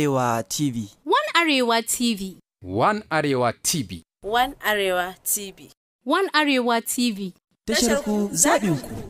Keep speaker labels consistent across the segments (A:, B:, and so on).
A: Arewa TV. One Arewa TV. One Arewa TV. One Arewa TV. One Arewa TV. Tashar ku zabin ku. ku.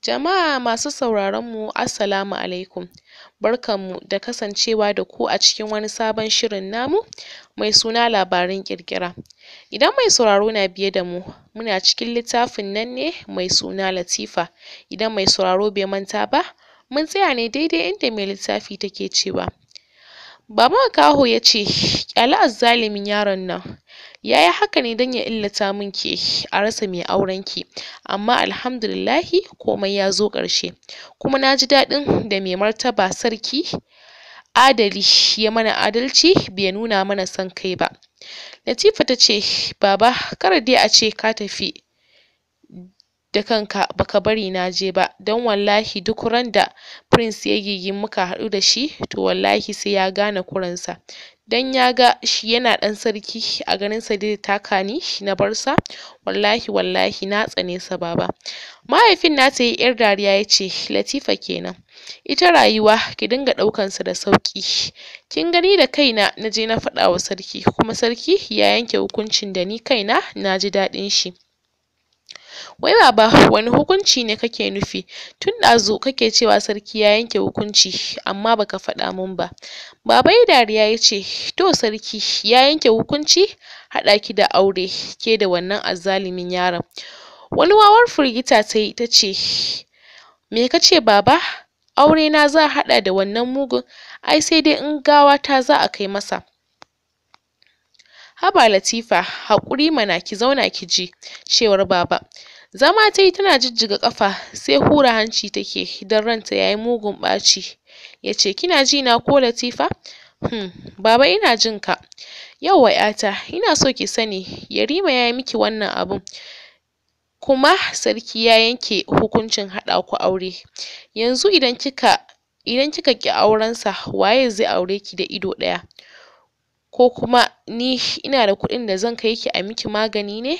A: Jama'a masu sauraron mu Assalamu alaikum. Barkanmu da kasancewa da ku a cikin wani sabon shirin namu mai suna labaran ƙirƙira. Idan mai sauraro na biye da mu, muna cikin littafin nan ne mai suna Latifa. Idan mai sauraro bai manta ba, mun tsaya ne daidai inda mai littafi take cewa Baba kaho ya ce, "ƙyali azzalumin yaron nan, ya yi haka ne don ya illata min ke, a rasa mai auren ki, amma alhamdulillahi komai ya zo ƙarshe, kuma na ji daɗin da mai martaba sarki adali ya mana adalci bai nuna mana son kai ba." Latifa ta ce, "Baba kar dai a ce ka tafi da kanka baka bari na je ba don wallahi duk ran da Prince ya gigin muka haɗu da shi to wallahi sai ya gane kuransa. Don ya ga shi yana ɗan sarki a sa dai taka ni na barsa, wallahi wallahi na tsane sa baba. Mahaifin na ta yi ‘yar dariya ya ce Latifa kenan, ita rayuwa ki dinga ɗaukan sa da sauƙi. Kin gani da kaina na je na faɗa wa sarki kuma sarki ya yanke hukuncin da ni kaina na ji daɗin shi. wai baba wani hukunci ne kake nufi tun ɗazu kake cewa sarki ya yanke hukunci amma baka faɗa min ba baba yayi dariya yace to sarki ya yanke hukunci haɗa ki da aure ke da wannan azzalumin yaron wani wawar firgita tayi tace me kace baba aure na za a haɗa da wannan mugun ai sai dai in gawa ta za a kai masa haba Latifa haƙuri mana ki zauna ki ji cewar baba. Zama ta yi tana jijjiga ƙafa sai hura hanci take don ranta ya yi mugun ɓaci. Ya ce kina ji na ko Latifa? Hmm, baba ina jin ka. Yawwa ‘yata ina so ki sani Yarima ya yi miki wannan abun. kuma sarki ya yanke hukuncin haɗa ku aure. Yanzu idan kika idan kika ƙi aurensa waye zai aure ki da ido ɗaya? ko kuma ni ina da kuɗin da zan kai ki a miki magani ne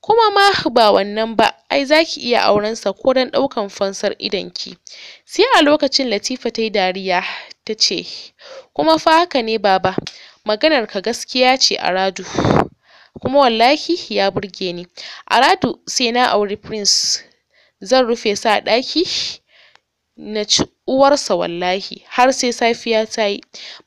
A: kuma ma ba wannan ba ai zaki iya auren sa ko dan ɗaukan fansar ki? sai a lokacin latifa ta dariya tace kuma fa haka ne baba Maganar ka gaskiya ce aradu kuma wallahi ya burge ni aradu sai na auri prince zan rufe sa daki ɗaki na ci uwarsa wallahi har sai safiya ta yi.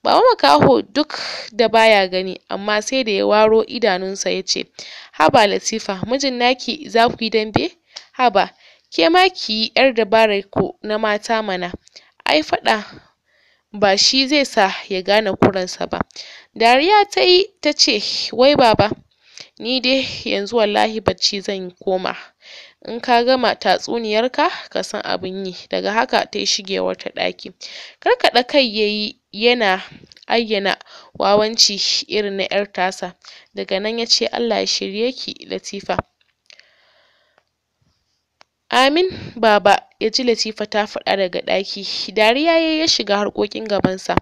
A: Baba makaho duk da baya gani amma sai da ya waro idanunsa ya ce, haba Latifa mijin naki za ku yi dambe? Haba ke ma ki yi 'yar dabarar ko na mata mana. Ai faɗa ba shi zai sa ya gane kuransa ba. Dariya ta yi ta ce, wai Baba, ni dai yanzu wallahi bacci zan koma. in ka gama tatsuniyarka ka san abin yi daga haka ta yi shigewar ta ɗaki kar karkaɗa kai yayi yana ayyana wawanci irin na ƴar tasa daga nan ya ce Allah ya shirye ki Latifa amin baba ya ji Latifa ta faɗa daga ɗaki dariya ya ya shiga harkokin gabansa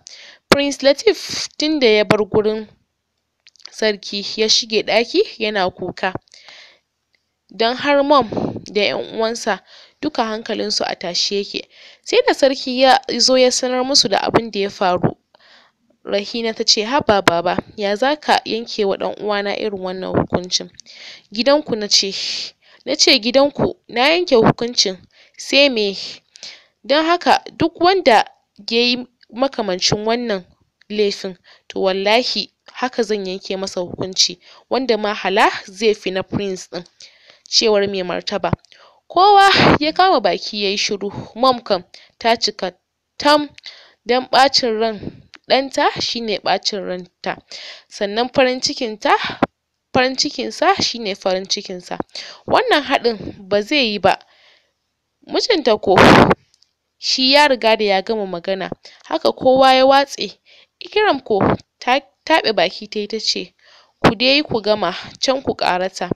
A: Prince latif tun da ya bar gurin sarki ya shige ɗaki yana kuka don har mum da ‘yan uwansa duka hankalinsu a tashe yake. Sai da sarki ya zo ya sanar musu da abin da ya faru, Rahina ta ce, “Haba Baba, ya za ka yanke wa ɗan uwana irin wannan hukuncin? Gidanku na ce, na ce gidanku na yanke hukuncin, sai me? Don haka duk wanda ya yi makamancin wannan laifin, to wallahi haka zan yanke masa hukunci, wanda ma hala zai fi na prince ɗin.” cewar mai martaba. Kowa ya kama baki yayi shiru, Mom kam ta cika tam dan ɓacin ran ɗanta shine bacin ɓacin ranta, sannan farin ta farin cikinsa sa shine farin cikinsa. Wannan haɗin ba zai yi ba. Mijinta ko shi ya riga da ya gama magana, haka kowa ya watse. Ikram ko ta taɓe baki tayi tace ta ku dai ku gama, can ku ƙarata.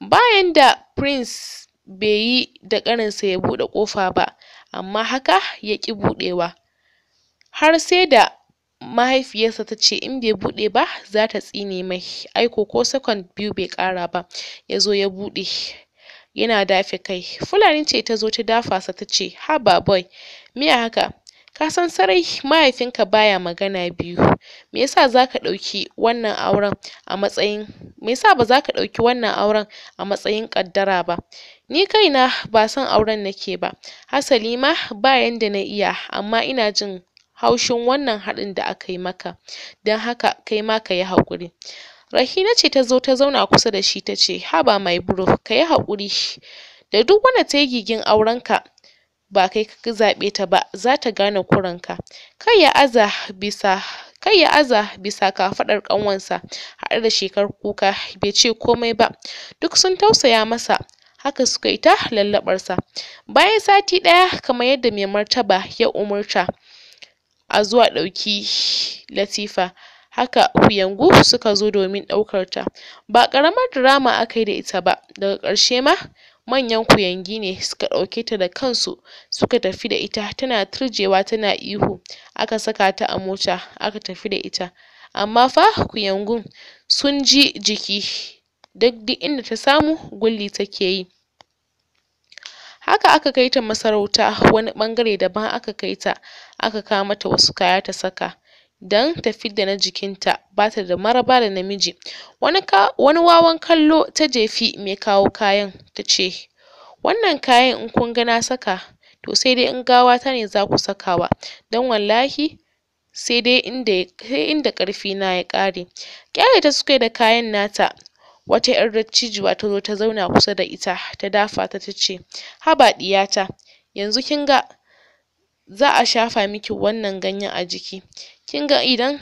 A: Bayan da Prince bai yi da ƙarinsa ya buɗe ƙofa ba amma haka ya ƙi buɗewa, har sai da mahaifiyarsa ta ce in bai buɗe ba zata ta tsine mai, ai ko sakon biyu bai ƙara ba ya zo ya buɗe yana dafe kai. fulani ce ta zo ta dafa sa ta ce, haba boy me haka, ka san sarai mahaifinka baya magana biyu me yasa zaka ɗauki wannan auren a matsayin me yasa ba zaka ɗauki wannan auren a matsayin ƙaddara ba ni kaina ba son auren nake ba hasali ma ba yanda na iya amma ina jin haushin wannan haɗin da aka yi maka don haka kai ma kayi haƙuri Rahina ce ta zo ta zauna kusa da shi ta ce haba my bro kayi haƙuri da duk wanda tayi gigin aurenka ba kai ka zaɓe ta ba za ta gane kuranka. kai ya aza bisa kai ya aza bisa kafaɗar ƙanwarsa haɗe da shekar kuka bai ce komai ba. Duk sun tausaya masa haka suka yi ta lallaɓarsa. Bayan sati ɗaya kamar yadda mai martaba ya umarta a zuwa ɗauki Latifa. haka kuyangu suka zo domin ɗaukar ta. Ba ƙaramar drama aka yi da ita ba, daga ƙarshe ma manyan kuyangi ne suka ɗauke ta da kansu suka tafi da ita tana turjewa tana ihu, aka saka ta a mota aka tafi da ita. Amma fa kuyangun sun ji jiki duk duk inda ta samu gulli take yi. Haka aka kai ta masarauta wani ɓangare daban aka kai ta aka kawo mata wasu kaya ta saka. Dan ta fidda na jikinta ba ta da maraba da namiji wani wawan kallo ta jefi mai kawo kayan ta ce wannan kayan in kun ga na saka to sai dai in gawata ne za ku sakawa don wallahi sai dai inda sai inda ƙarfina ya ƙare ƙyale ta suka da kayan nata wata 'yar dattijuwa ta zo ta zauna kusa da ita ta dafa ta ta ce haba ɗiyata yanzu kin ga za a shafa miki wannan ganyen a jiki kin ga idan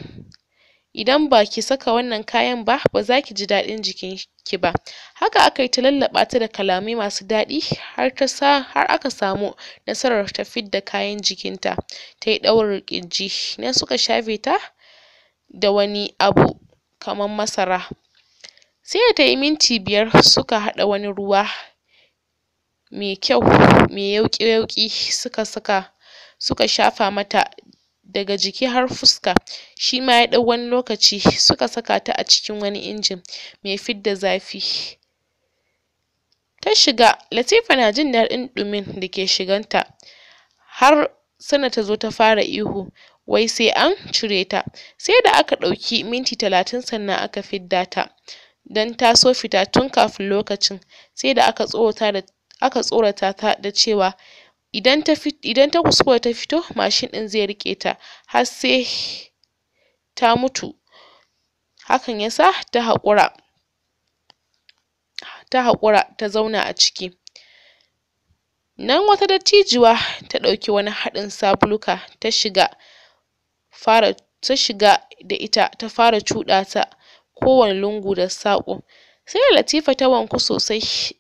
A: idan ki saka wannan kayan ba ba za ki ji daɗin jikin ki ba haka aka yi ta lallaɓa ta da kalamai masu daɗi har ta sa har aka samu nasarar ta fidda kayan jikinta ta yi ɗaurin ƙirji nan suka shafe ta da wani abu kaman masara sai da yi minti biyar suka haɗa wani ruwa mai kyau mai yauƙi-yauƙi suka saka suka shafa mata daga jiki har fuska shi ma ya ɗau wani lokaci suka saka ta a cikin wani injin mai fidda zafi ta shiga Latifa na jin daɗin ɗumin da ke shiganta har Sana ta zo ta fara ihu wai sai an cire ta sai da aka ɗauki minti talatin sannan aka fidda ta don ta so fita tun kafin lokacin sai da aka tsorata da aka tsorata ta da cewa Idan ta kuskura ta fito, mashin ɗin zai riƙe ta har sai ta mutu. Hakan yasa ta haƙura ta haƙura ta zauna a ciki. Nan wata dattijuwa ta ɗauki wani haɗin sabuluka ta shiga fara ta shiga da ita ta fara cuɗa ta kowane lungu da saƙo. Sai da Latifa ta wanku sosai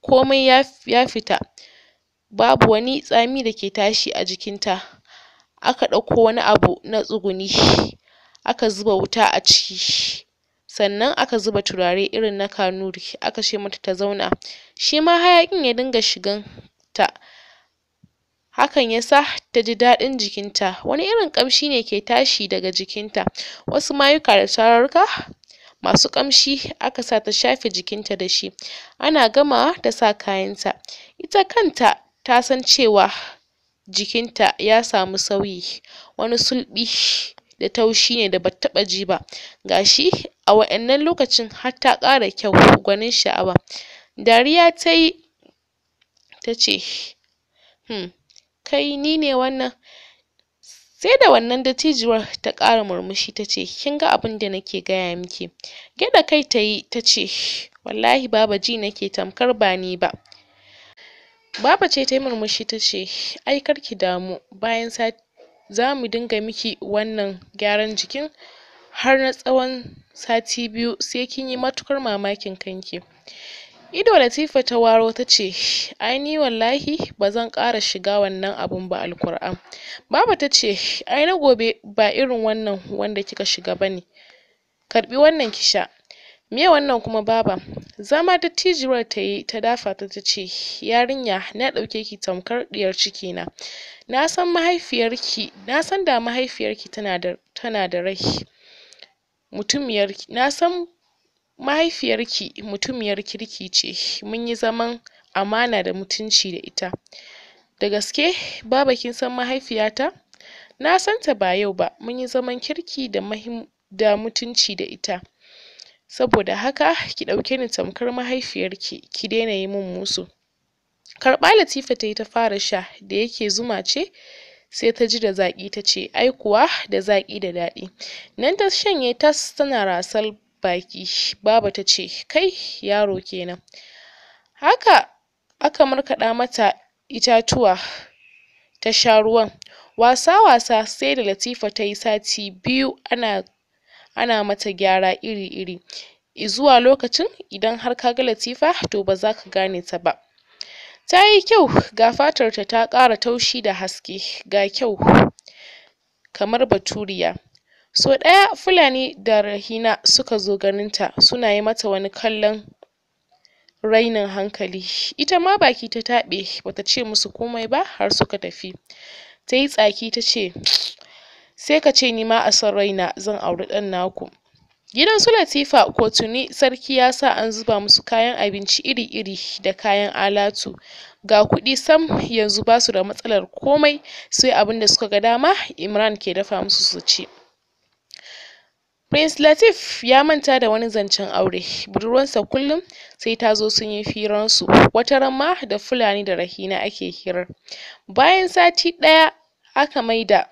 A: komai ya fita. babu wani tsami da ke tashi a jikinta. Aka ɗauko wani abu na tsuguni aka zuba wuta a ciki sannan aka zuba turare irin na Kanuri aka ce mata ta zauna shi ma hayaƙin ya dinga shigan ta. Hakan ya sa ta ji daɗin jikinta. Wani irin ƙamshi ne ke tashi daga jikinta, wasu mayuka da tararruka, masu ƙamshi aka sa ta shafe jikinta da shi. Ana gama ta sa kayanta. Ita kanta ta san cewa jikinta ya samu sauyi, wani sulbi da taushi ne da ba ta taɓa ji ba. gashi shi a wannan lokacin har ta ƙara kyau, gwanin sha'awa. Dariya ta yi ta hmm, kai ni wannan?” Sai da wannan dattijuwar ta ƙara murmushi tace ce, “Kin ga abin da nake gaya miki?” Gyaɗa kai tayi tace ta ce, “Wallahi babaji ji nake tamkar ba ni ba.” Baba ce ta yi murmushi ta ce, "Ai kar ki damu, bayan za mu dinga miki wannan gyaran jikin har na tsawon sati biyu sai kin yi matuƙar mamakin kanki." Ido Latifa ta waro ta ce, "Ai ni wallahi ba zan ƙara shiga wannan abun ba Alkur'an." Baba ta ce, "Ai na gobe ba irin wannan wanda kika shiga ba ne, karɓi wannan ki sha." me wannan kuma baba zama dattijuwar yi ta dafa ta ce yarinya na ɗauke ki tamkar ɗiyar ciki na na san mahaifiyarki na san da mahaifiyarki tana da tana da rai mutumiyar na san mahaifiyarki mutumiyar kirki ce mun yi zaman amana da mutunci da ita da gaske baba kin san mahaifiyata na santa ba yau ba mun yi zaman kirki da mutunci da ita Saboda haka ki ɗauke ni tamkar mahaifiyarki ki daina yi min musu. Karɓa Latifa ta yi ta fara sha da yake zuma ce sai ta ji da zaƙi ta ce ai kuwa da zaƙi da daɗi. Nan ta shanye tas tana rasal baki baba ta ce kai yaro kenan. Haka aka markaɗa mata itatuwa ta sha ruwan. Wasa-wasa sai da Latifa ta yi sati biyu ana ana mata gyara iri-iri izuwa lokacin idan har ka ga latifa to ba za ka gane ta ba ta yi kyau ga fatarta ta ƙara taushi da haske ga kyau kamar baturiya so ɗaya Fulani da Rahina suka zo ganin ta suna yi mata wani kallon rainin hankali ita ma baki ta taɓe ba ta ce musu komai ba har suka tafi ta yi tsaki ta ce sai ka ce ni ma a son raina zan auri ɗan naku. Gidan su Latifa ko tuni sarki ya sa an zuba musu kayan abinci iri-iri da kayan alatu. Ga kuɗi sam yanzu ba su da matsalar komai sai abin da suka ga dama Imran ke dafa musu su ci. Prince Latif ya manta da wani zancen aure, budurwarsa kullum sai ta zo sun yi firansu, wata ma da Fulani da Rahina ake hirar. Bayan sati ɗaya aka maida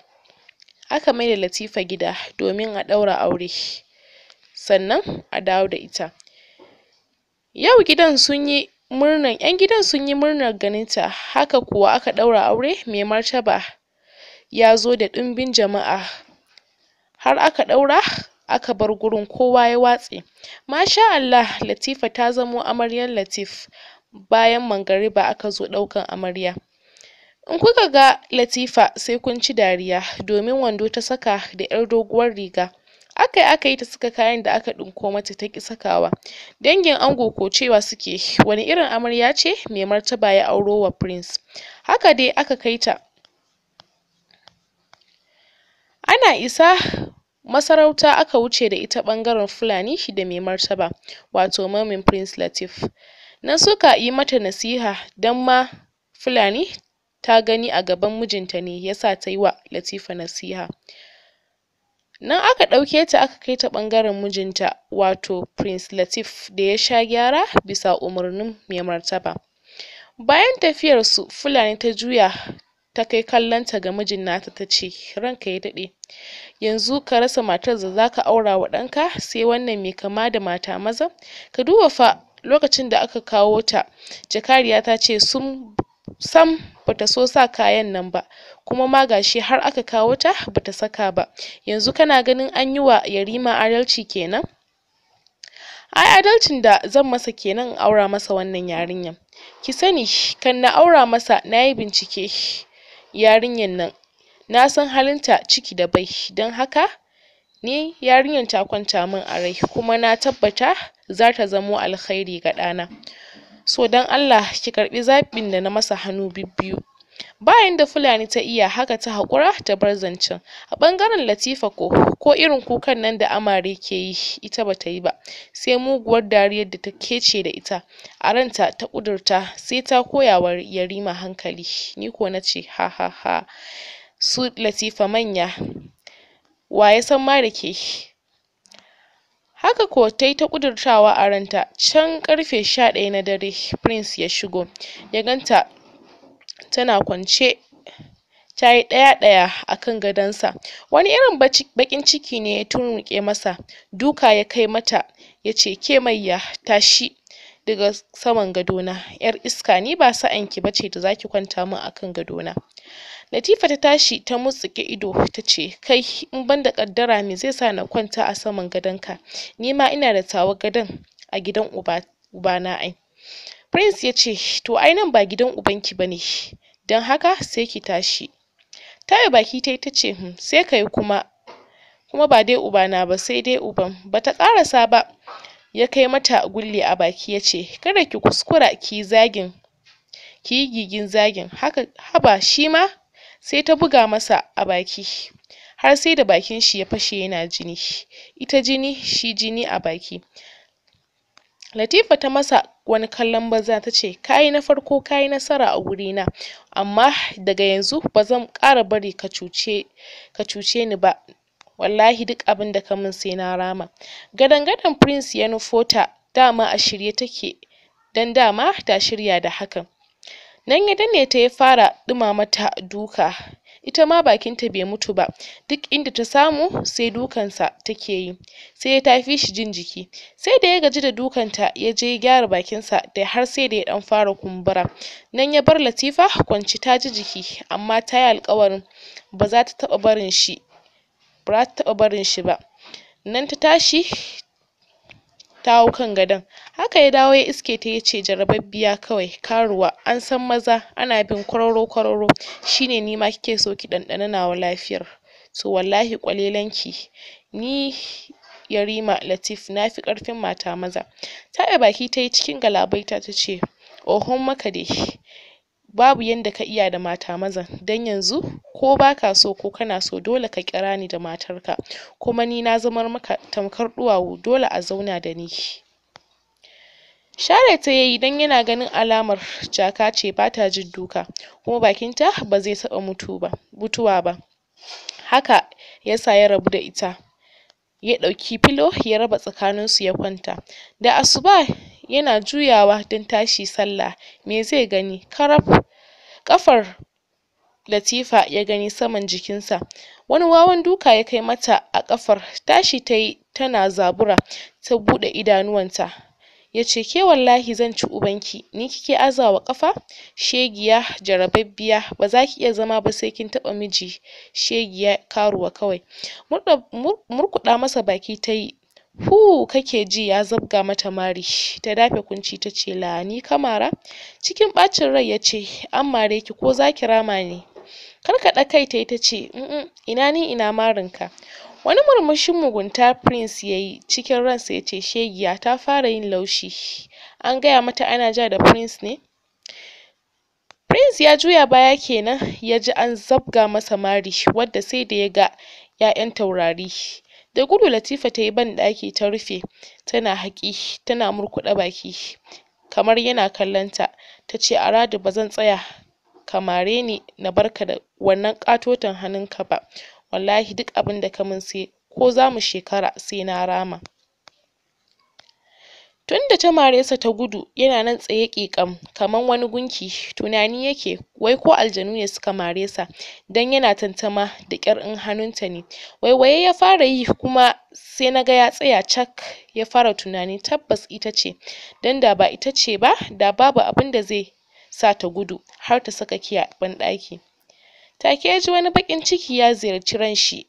A: aka da Latifa gida domin a ɗaura aure sannan a dawo da ita. Yau gidan sun yi murnan 'yan gidan sun yi murnar ganinta haka kuwa aka ɗaura aure Mai Martaba ya zo da ɗumbin jama'a har aka ɗaura aka bar gurin kowa ya watse. Masha Allah Latifa ta zamo amaryar latif bayan mangariba aka zo ɗaukan amarya. In kuka ga Latifa sai kun ci dariya domin wando ta saka da 'yar doguwar riga. Aka yi aka ta saka kayan da aka ɗinko mata ta ki sakawa. Dangin ango ko cewa suke wani irin amarya ce Mai Martaba ya auro wa Prince. Haka dai aka kai ta. Ana isa masarauta aka wuce da ita ɓangaren Fulani da Mai Martaba, wato mamin Prince latif Nan suka yi mata nasiha don ma Fulani ta gani a gaban mijinta ne ya sa ta yi wa Latifa nasiha. Nan aka ɗauke ta aka kai ta ɓangaren mijinta wato Prince Latif da ya sha gyara bisa umarnin mai martaba. Bayan tafiyarsu Fulani ta juya ta kai kallonta ga mijin nata ta ce ranka ya daɗe yanzu ka rasa matar da za ka aura wa ɗanka sai wannan mai kama da mata maza ka duba fa lokacin da aka kawo ta jakariya ta ce sun sam bata so sa kayan nan ba kuma ma gashi har aka kawo ta bata saka ba yanzu kana ganin an yi wa Yarima adalci kenan ai adalcin da zan masa kenan in aura masa wannan yarinyan ki sani kan na aura masa nayi bincike yarinyan nan na san halinta ciki da bai don haka ni yarinyan ta kwanta min a rai kuma na tabbata za ta zamo alkhairi ga ɗana so don Allah ki karbi zabin da na masa hannu bibbiyu bayan da Fulani ta iya haka ta hakura ta bar zancen a ɓangaren Latifa ko ko irin kukan nan da amare ke yi ita bata yi ba sai muguwar dariyar da ta kece da ita a ranta ta ƙudurta sai ta koya wa Yarima hankali ni ko ce ha ha ha su Latifa manya wa ya san ma da ke Haka kuwa ta yi ta ƙudurtawa a ranta. Can ƙarfe sha ɗaya na dare Prince ya shigo, ya ganta tana kwance ta yi ɗaya-ɗaya a kan gadonsa. Wani irin baƙin ciki ne ya tunnuƙe masa, duka ya kai mata ya ce, ke mayya tashi daga saman gadona, 'yar iska ni ba sa'anki ba ce da za ki kwanta min a kan gadona. Latifa ta tashi ta murtsuke ido ta ce, "Kai, in banda da ƙaddara me zai sa na kwanta a saman gadonka? Ni ma ina da tawa gadon a gidan uba ubana ai." Prince ya ce, "To ai nan ba gidan ubanki ba ne, don haka sai ki tashi." taya baki ta yi ta ce, hmm, "Sai ka kuma, kuma ba dai ubana ba sai dai uban." bata ta ƙarasa ba, ya kai mata gulli a baki ya ce, "Kada ki kuskura ki yi zagin ki yi gigin zagin haka haba shi ma!" sai ta buga masa a baki har sai da bakin shi ya fashe yana jini, ita jini shi jini a baki. Latifa ta masa wani kallon banza ta ce, "Ka na farko kayi nasara a na amma daga yanzu ba zan ƙara bari ka cuce ka cuce ni ba, wallahi duk abin da ka min sai na rama." Gadan-gadan Prince ya nufo ta, dama a shirye take don dama ta shirya da hakan. nan ya ne ta ya fara ɗuma mata duka ita ma bakinta bai mutu ba duk inda ta samu sai dukansa take yi sai ya tafi shi jin jiki sai da ya gaji da dukanta ya je gyara bakinsa da har sai da ya dan fara kumbura nan ya bar Latifa kwanci ta ji jiki amma ta yi alkawarin ba za ta taba barin shi ba nan ta tashi ta hau kan gadon. Haka ya dawo ya iske ta ya ce jarababbiya kawai karuwa an san maza ana bin kwararo-kwararo shi ne ni kike so ki ɗanɗani nawa lafiyar. To wallahi ƙwalelanki ni Yarima latif na fi ƙarfin mata maza. taɓa baki ta yi cikin galabaita ta ce, ohun maka dai. babu yanda ka iya da mata maza dan yanzu ko baka so ko kana so dole ka kira ni da matarka kuma ni na zamar maka tamkar ɗuwawu dole a zauna da ni. Share ta yayi yi yana ganin alamar jaka ce bata ta jin duka kuma bakinta ba zai taɓa mutu ba mutuwa ba. Haka yasa ya rabu da ita. Ya ɗauki filo ya raba tsakanin su ya kwanta. Da asuba yana juyawa don tashi sallah me zai gani karaf ƙafar Latifa ya gani saman jikinsa wani wawan duka ya kai mata a ƙafar tashi tayi tana zabura ta buɗe idanuwanta yace ke wallahi zan ci ubanki ni kike azawa ƙafa shegiya jarababbiya ba za ki iya zama ba sai kin taɓa miji shegiya karuwa kawai murɗa murkuɗa masa baki tayi Hu! kake ji ya zabga mata mari, ta dafe kunci ta ce, la ni ka Cikin bacin rai ya ce, an mare ki ko za ki rama ne? kar Karkaɗa kai ta yi ta ce, um ina ni ina marinka. Wani murmushin mugunta Prince ya yi cikin ransa ya ce shegiya ta fara yin laushi, an gaya mata ana ja da Prince ne? Prince ya juya baya kenan ya ji an zabga masa mari wadda sai da ya ga 'ya'yan taurari Da gudu Latifa ta tayi banɗaki ta rufe tana haƙi tana murkuɗe baki kamar yana kallon kallonta, tace ba zan tsaya ka mare ni na barka da wannan ƙatoton hannunka ba, wallahi duk abin da ka min sai ko za mu shekara sai na rama. tunda ta mare sa ta gudu yana nan tsaye ƙiƙam kaman wani gunki tunani yake wai ko aljanu ne suka mare sa dan yana tantama da ƙyar in hannun ta ne waiwaye ya fara yi kuma sai naga ya tsaya cak ya fara tunani tabbas ita ce dan da ba ita ce ba da babu da zai sa ta gudu har ta saka kiya a banɗaki take yaji wani bakin ciki ya ziyarci ran shi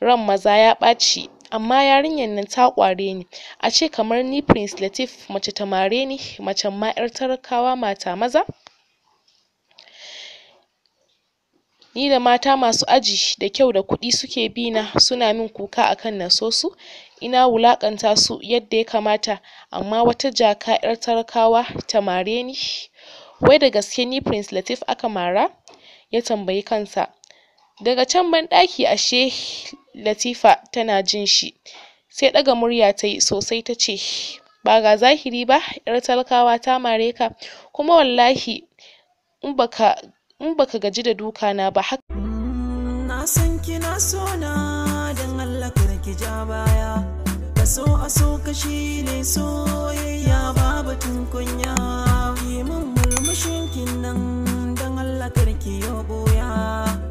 A: ran maza ya ɓaci amma yarinyar nan ta ƙware ni ce kamar ni Prince latif mace ta mare ni macen ma yar talakawa mata maza ni da mata masu aji da kyau da kuɗi suke bi na suna min kuka akan na so su ina wulaƙanta su yadda ya kamata amma wata jaka yar talakawa ta mare ni wai da gaske ni Prince latif aka mara? ya tambayi kansa Daga can banɗaki ashe Latifa tana jin shi, sai ɗaga murya ta yi sosai ta ce, “Ba ga zahiri ba, 'yar talakawa ta mare ka, kuma wallahi in ba ka gaji da dukana ba haka” Na san kina so na don Allah kar ki ja baya, so a so ka shi ne soyayya ba batun kunya, yi min murmushin kin nan Allah ki yo